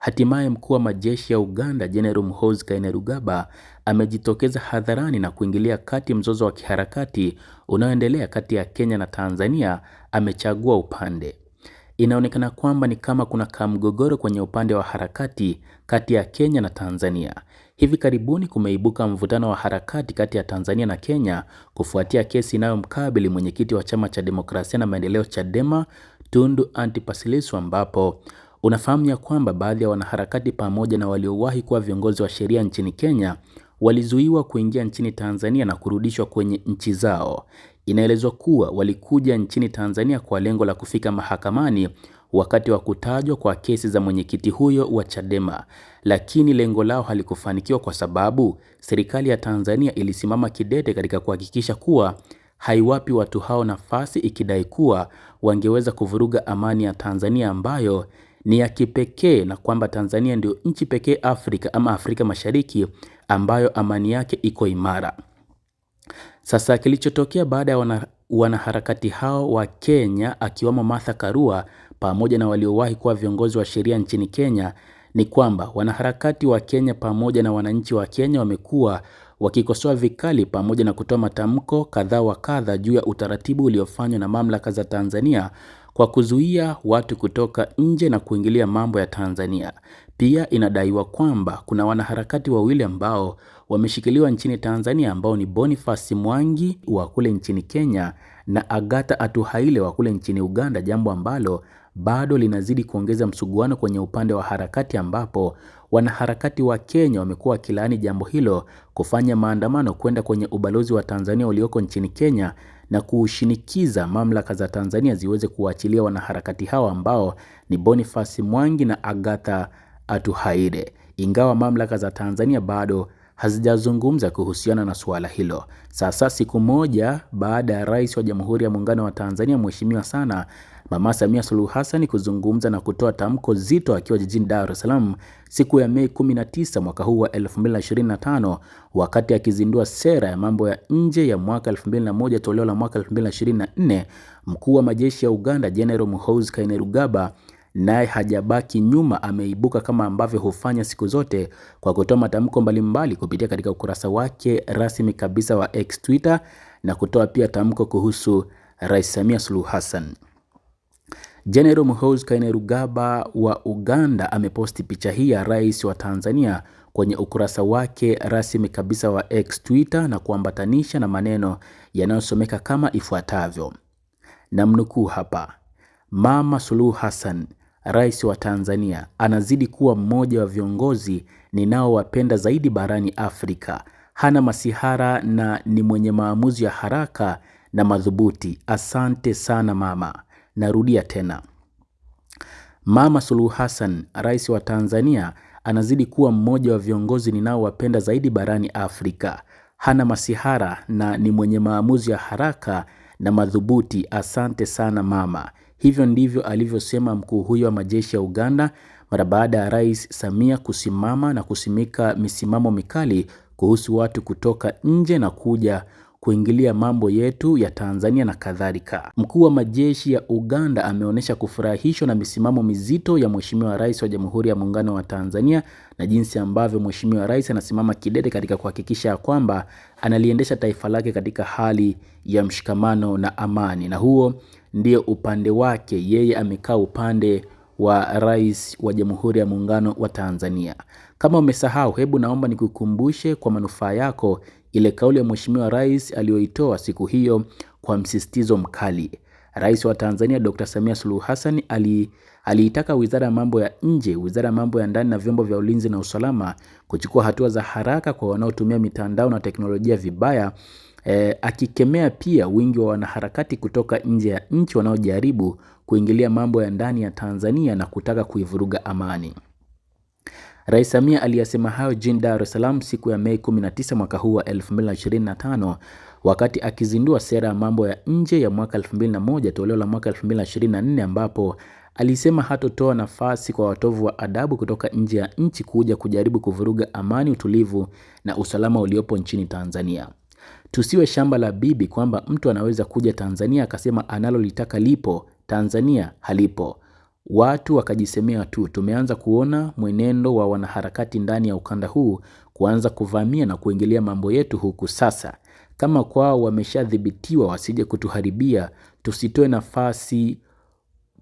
Hatimaye mkuu wa majeshi ya Uganda General Muhoozi Kainerugaba amejitokeza hadharani na kuingilia kati mzozo wa kiharakati unaoendelea kati ya Kenya na Tanzania. Amechagua upande. Inaonekana kwamba ni kama kuna kamgogoro kwenye upande wa harakati kati ya Kenya na Tanzania. Hivi karibuni kumeibuka mvutano wa harakati kati ya Tanzania na Kenya kufuatia kesi inayomkabili mwenyekiti wa chama cha demokrasia na maendeleo Chadema Tundu Antipas Lissu ambapo Unafahamu ya kwamba baadhi ya wanaharakati pamoja na waliowahi kuwa viongozi wa sheria nchini Kenya walizuiwa kuingia nchini Tanzania na kurudishwa kwenye nchi zao. Inaelezwa kuwa walikuja nchini Tanzania kwa lengo la kufika mahakamani wakati wa kutajwa kwa kesi za mwenyekiti huyo wa Chadema, lakini lengo lao halikufanikiwa kwa sababu serikali ya Tanzania ilisimama kidete katika kuhakikisha kuwa haiwapi watu hao nafasi, ikidai kuwa wangeweza kuvuruga amani ya Tanzania ambayo ni ya kipekee na kwamba Tanzania ndio nchi pekee Afrika ama Afrika Mashariki ambayo amani yake iko imara. Sasa kilichotokea baada ya wana, wanaharakati hao wa Kenya akiwamo Martha Karua pamoja na waliowahi kuwa viongozi wa sheria nchini Kenya ni kwamba wanaharakati wa Kenya pamoja na wananchi wa Kenya wamekuwa wakikosoa vikali pamoja na kutoa matamko kadhaa wa kadha juu ya utaratibu uliofanywa na mamlaka za Tanzania kwa kuzuia watu kutoka nje na kuingilia mambo ya Tanzania. Pia inadaiwa kwamba kuna wanaharakati wawili ambao wameshikiliwa nchini Tanzania ambao ni Boniface Mwangi wa kule nchini Kenya na agata atuhaile wa kule nchini Uganda, jambo ambalo bado linazidi kuongeza msuguano kwenye upande wa harakati, ambapo wanaharakati wa Kenya wamekuwa wakilaani jambo hilo, kufanya maandamano kwenda kwenye ubalozi wa Tanzania ulioko nchini Kenya na kushinikiza mamlaka za Tanzania ziweze kuachilia wanaharakati hao ambao ni Boniface Mwangi na Agatha atuhaide ingawa mamlaka za Tanzania bado hazijazungumza kuhusiana na suala hilo. Sasa siku moja baada ya Rais wa Jamhuri ya Muungano wa Tanzania Mheshimiwa sana Mama Samia Suluhu Hassan kuzungumza na kutoa tamko zito akiwa jijini Dar es Salaam siku ya Mei 19 mwaka huu wa 2025 wakati akizindua sera ya mambo ya nje ya mwaka 2001 toleo la mwaka 2024, mkuu wa majeshi ya Uganda General Muhoozi Kainerugaba naye hajabaki nyuma, ameibuka kama ambavyo hufanya siku zote kwa kutoa matamko mbalimbali kupitia katika ukurasa wake rasmi kabisa wa X Twitter na kutoa pia tamko kuhusu Rais Samia Suluhu Hassan. General Muhoozi Kainerugaba wa Uganda ameposti picha hii ya rais wa Tanzania kwenye ukurasa wake rasmi kabisa wa X Twitter na kuambatanisha na maneno yanayosomeka kama ifuatavyo, namnukuu hapa: Mama Suluhu Hassan, Rais wa Tanzania anazidi kuwa mmoja wa viongozi ninaowapenda zaidi barani Afrika. Hana masihara na ni mwenye maamuzi ya haraka na madhubuti. Asante sana mama. Narudia tena, Mama Suluhu Hassan, rais wa Tanzania, anazidi kuwa mmoja wa viongozi ninaowapenda zaidi barani Afrika. Hana masihara na ni mwenye maamuzi ya haraka na madhubuti. Asante sana mama. Hivyo ndivyo alivyosema mkuu huyo wa majeshi ya Uganda mara baada ya Rais Samia kusimama na kusimika misimamo mikali kuhusu watu kutoka nje na kuja kuingilia mambo yetu ya Tanzania na kadhalika. Mkuu wa majeshi ya Uganda ameonyesha kufurahishwa na misimamo mizito ya Mheshimiwa Rais wa Jamhuri ya Muungano wa Tanzania na jinsi ambavyo Mheshimiwa Rais anasimama kidete katika kuhakikisha ya kwamba analiendesha taifa lake katika hali ya mshikamano na amani. Na huo ndio upande wake yeye amekaa upande wa Rais wa Jamhuri ya Muungano wa Tanzania. Kama umesahau, hebu naomba nikukumbushe kwa manufaa yako ile kauli ya Mheshimiwa Rais aliyoitoa siku hiyo kwa msisitizo mkali. Rais wa Tanzania Dr. Samia Suluhu Hassan ali aliitaka Wizara ya Mambo ya Nje, Wizara ya Mambo ya Ndani na vyombo vya ulinzi na usalama kuchukua hatua za haraka kwa wanaotumia mitandao na teknolojia vibaya e, akikemea pia wingi wa wanaharakati kutoka nje ya nchi wanaojaribu kuingilia mambo ya ndani ya Tanzania na kutaka kuivuruga amani. Rais Samia aliyasema hayo jijini Dar es Salaam siku ya Mei 19 mwaka huu wa 2025 wakati akizindua sera ya mambo ya nje ya mwaka 2001 toleo la mwaka 2024 ambapo alisema hatotoa nafasi kwa watovu wa adabu kutoka nje ya nchi kuja kujaribu kuvuruga amani, utulivu na usalama uliopo nchini Tanzania. Tusiwe shamba la bibi kwamba mtu anaweza kuja Tanzania akasema analolitaka lipo Tanzania halipo, watu wakajisemea tu. Tumeanza kuona mwenendo wa wanaharakati ndani ya ukanda huu kuanza kuvamia na kuingilia mambo yetu huku. Sasa kama kwao wameshadhibitiwa, wasije kutuharibia, tusitoe nafasi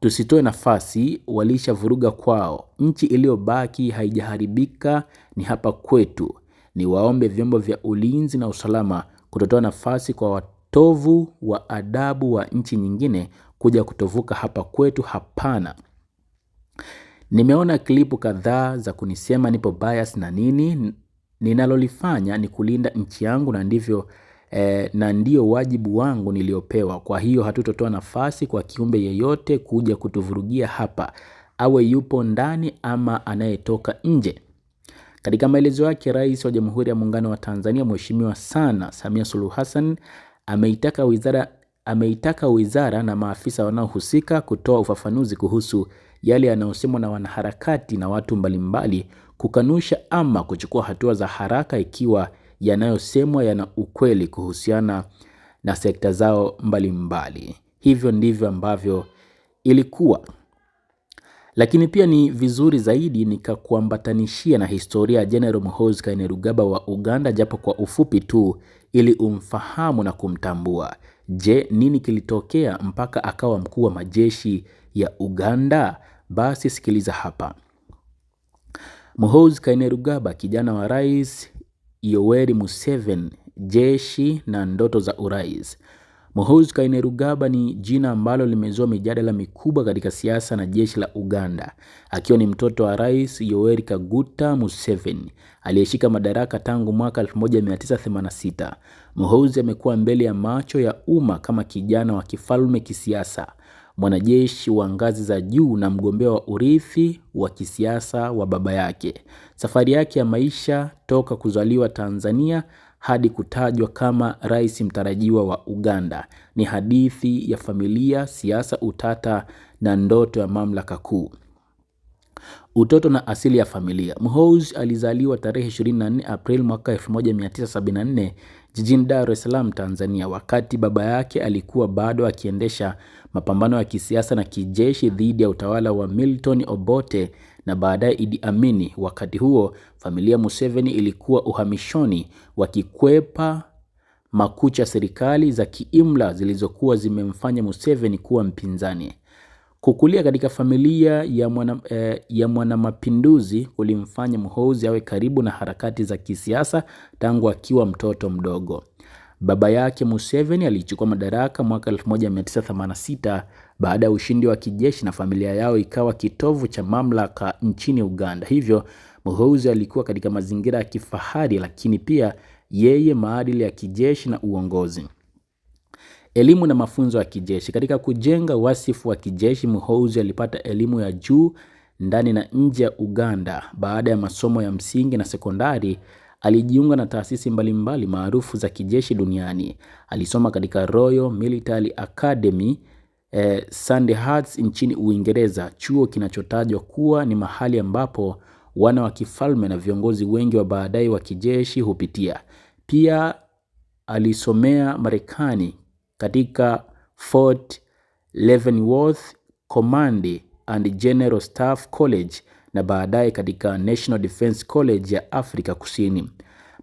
tusitoe nafasi, walishavuruga kwao. Nchi iliyobaki haijaharibika ni hapa kwetu. Niwaombe vyombo vya ulinzi na usalama kutotoa nafasi kwa watovu wa adabu wa nchi nyingine kuja kutovuka hapa kwetu. Hapana. Nimeona klipu kadhaa za kunisema nipo bias na nini. Ninalolifanya ni kulinda nchi yangu na ndivyo eh, na ndio wajibu wangu niliopewa. Kwa hiyo hatutotoa nafasi kwa kiumbe yeyote kuja kutuvurugia hapa, awe yupo ndani ama anayetoka nje. Katika maelezo yake, Rais wa Jamhuri ya Muungano wa Tanzania Mheshimiwa sana Samia Suluhu Hassan ameitaka wizara, ameitaka wizara na maafisa wanaohusika kutoa ufafanuzi kuhusu yale yanayosemwa na wanaharakati na watu mbalimbali, kukanusha ama kuchukua hatua za haraka ikiwa yanayosemwa yana ukweli kuhusiana na sekta zao mbalimbali mbali. Hivyo ndivyo ambavyo ilikuwa. Lakini pia ni vizuri zaidi nikakuambatanishia na historia ya General Muhoozi Kainerugaba wa Uganda japo kwa ufupi tu, ili umfahamu na kumtambua. Je, nini kilitokea mpaka akawa mkuu wa majeshi ya Uganda? Basi sikiliza hapa. Muhoozi Kainerugaba, kijana wa Rais Yoweri Museveni, jeshi na ndoto za urais. Muhoozi Kainerugaba ni jina ambalo limezua mijadala mikubwa katika siasa na jeshi la Uganda, akiwa ni mtoto wa Rais Yoweri Kaguta Museveni aliyeshika madaraka tangu mwaka 1986. Muhoozi amekuwa mbele ya macho ya umma kama kijana wa kifalme kisiasa, mwanajeshi wa ngazi za juu na mgombea wa urithi wa kisiasa wa baba yake. Safari yake ya maisha toka kuzaliwa Tanzania hadi kutajwa kama rais mtarajiwa wa Uganda. Ni hadithi ya familia, siasa, utata na ndoto ya mamlaka kuu. Utoto na asili ya familia. Muhoozi alizaliwa tarehe 24 Aprili mwaka 1974 jijini Dar es Salaam, Tanzania, wakati baba yake alikuwa bado akiendesha mapambano ya kisiasa na kijeshi dhidi ya utawala wa Milton Obote na baadaye Idi Amini. Wakati huo familia Museveni ilikuwa uhamishoni, wakikwepa makucha serikali za kiimla zilizokuwa zimemfanya Museveni kuwa mpinzani. Kukulia katika familia ya mwana, eh, ya mwanamapinduzi kulimfanya Muhoozi awe karibu na harakati za kisiasa tangu akiwa mtoto mdogo. Baba yake Museveni alichukua madaraka mwaka 1986 baada ya ushindi wa kijeshi na familia yao ikawa kitovu cha mamlaka nchini Uganda. Hivyo Muhoozi alikuwa katika mazingira ya kifahari, lakini pia yeye maadili ya kijeshi na uongozi. Elimu na mafunzo ya kijeshi. Katika kujenga wasifu wa kijeshi, Muhoozi alipata elimu ya juu ndani na nje ya Uganda. Baada ya masomo ya msingi na sekondari, alijiunga na taasisi mbalimbali maarufu za kijeshi duniani. Alisoma katika Royal Military Academy eh, Sandhurst nchini Uingereza, chuo kinachotajwa kuwa ni mahali ambapo wana wa kifalme na viongozi wengi wa baadaye wa kijeshi hupitia. Pia alisomea Marekani katika Fort Leavenworth Command and General Staff College na baadaye katika National Defense College ya Afrika Kusini.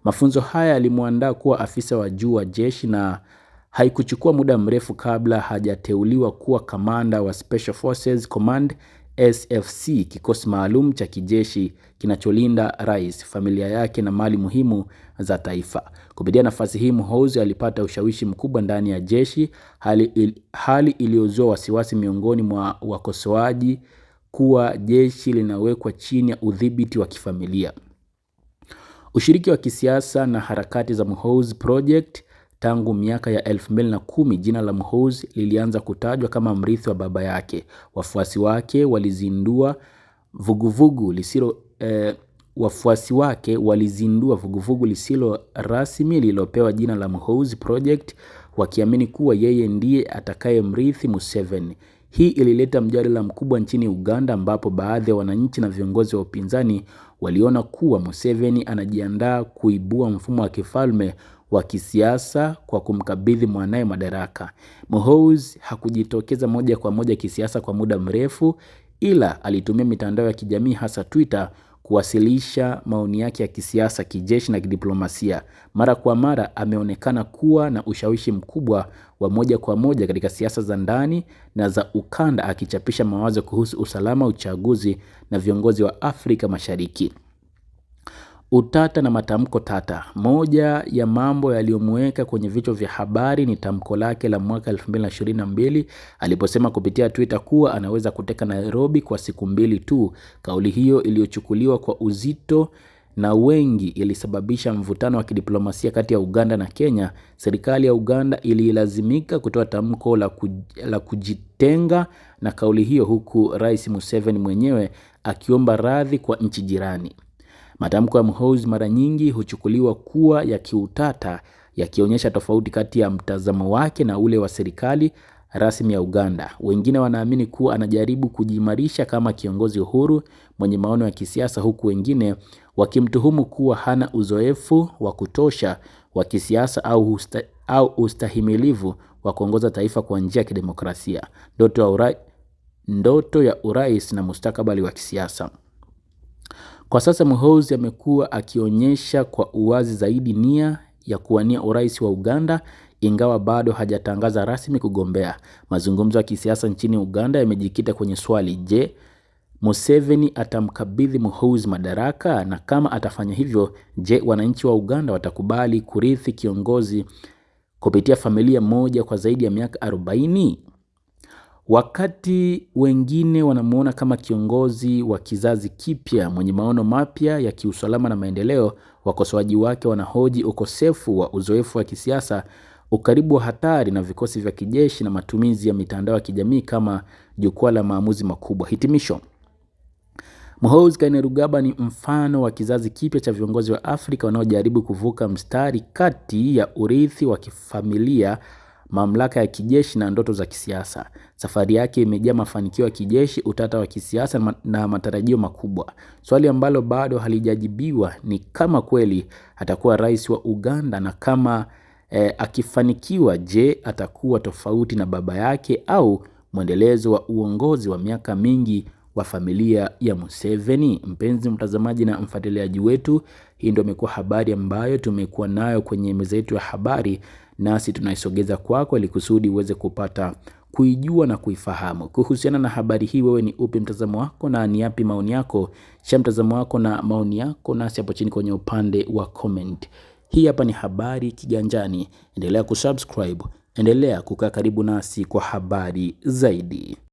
Mafunzo haya yalimwandaa kuwa afisa wa juu wa jeshi na Haikuchukua muda mrefu kabla hajateuliwa kuwa kamanda wa Special Forces Command SFC, kikosi maalum cha kijeshi kinacholinda rais, familia yake na mali muhimu za taifa. Kupitia nafasi hii, Muhoozi alipata ushawishi mkubwa ndani ya jeshi, hali, il, hali iliyozua wasiwasi miongoni mwa wakosoaji kuwa jeshi linawekwa chini ya udhibiti wa kifamilia. Ushiriki wa kisiasa na harakati za Muhoozi Project Tangu miaka ya 2010 jina la Mhozi lilianza kutajwa kama mrithi wa baba yake. Wafuasi wake walizindua vuguvugu lisilo eh, wafuasi wake walizindua vuguvugu lisilo rasmi lililopewa jina la Mhozi Project wakiamini kuwa yeye ndiye atakaye mrithi Museveni. Hii ilileta mjadala mkubwa nchini Uganda ambapo baadhi ya wananchi na viongozi wa upinzani waliona kuwa Museveni anajiandaa kuibua mfumo wa kifalme wa kisiasa kwa kumkabidhi mwanaye madaraka. Mohoz hakujitokeza moja kwa moja kisiasa kwa muda mrefu, ila alitumia mitandao ya kijamii hasa Twitter kuwasilisha maoni yake ya kisiasa, kijeshi na kidiplomasia. Mara kwa mara ameonekana kuwa na ushawishi mkubwa wa moja kwa moja katika siasa za ndani na za ukanda, akichapisha mawazo kuhusu usalama, uchaguzi na viongozi wa Afrika Mashariki. Utata na matamko tata. Moja ya mambo yaliyomweka kwenye vichwa vya habari ni tamko lake la mwaka 2022 aliposema kupitia Twitter kuwa anaweza kuteka Nairobi kwa siku mbili tu. Kauli hiyo iliyochukuliwa kwa uzito na wengi ilisababisha mvutano wa kidiplomasia kati ya Uganda na Kenya. Serikali ya Uganda ililazimika kutoa tamko la, kuj la kujitenga na kauli hiyo huku Rais Museveni mwenyewe akiomba radhi kwa nchi jirani. Matamko ya Mhozi mara nyingi huchukuliwa kuwa ya kiutata, yakionyesha tofauti kati ya mtazamo wake na ule wa serikali rasmi ya Uganda. Wengine wanaamini kuwa anajaribu kujiimarisha kama kiongozi huru mwenye maono ya kisiasa, huku wengine wakimtuhumu kuwa hana uzoefu wa kutosha wa kisiasa au, usta, au ustahimilivu wa kuongoza taifa kwa njia ya kidemokrasia. Ndoto ya urais na mustakabali wa kisiasa. Kwa sasa Muhoozi amekuwa akionyesha kwa uwazi zaidi nia ya kuwania urais wa Uganda ingawa bado hajatangaza rasmi kugombea. Mazungumzo ya kisiasa nchini Uganda yamejikita kwenye swali, je, Museveni atamkabidhi Muhoozi madaraka? Na kama atafanya hivyo, je, wananchi wa Uganda watakubali kurithi kiongozi kupitia familia moja kwa zaidi ya miaka 40? Wakati wengine wanamuona kama kiongozi wa kizazi kipya mwenye maono mapya ya kiusalama na maendeleo, wakosoaji wake wanahoji ukosefu wa uzoefu wa kisiasa, ukaribu wa hatari na vikosi vya kijeshi na matumizi ya mitandao ya kijamii kama jukwaa la maamuzi makubwa. Hitimisho. Muhoozi Kainerugaba ni mfano wa kizazi kipya cha viongozi wa Afrika wanaojaribu kuvuka mstari kati ya urithi wa kifamilia mamlaka ya kijeshi na ndoto za kisiasa. Safari yake imejaa mafanikio ya kijeshi, utata wa kisiasa na matarajio makubwa. Swali ambalo bado halijajibiwa ni kama kweli atakuwa rais wa Uganda, na kama eh, akifanikiwa, je, atakuwa tofauti na baba yake au mwendelezo wa uongozi wa miaka mingi wa familia ya Museveni. Mpenzi mtazamaji na mfuatiliaji wetu, hii ndio imekuwa habari ambayo tumekuwa nayo kwenye meza yetu ya habari nasi tunaisogeza kwako ili kusudi uweze kupata kuijua na kuifahamu. Kuhusiana na habari hii, wewe ni upi mtazamo wako na ni yapi maoni yako? cha mtazamo wako na maoni yako nasi hapo chini kwenye upande wa comment. Hii hapa ni Habari Kiganjani. Endelea kusubscribe, endelea kukaa karibu nasi kwa habari zaidi.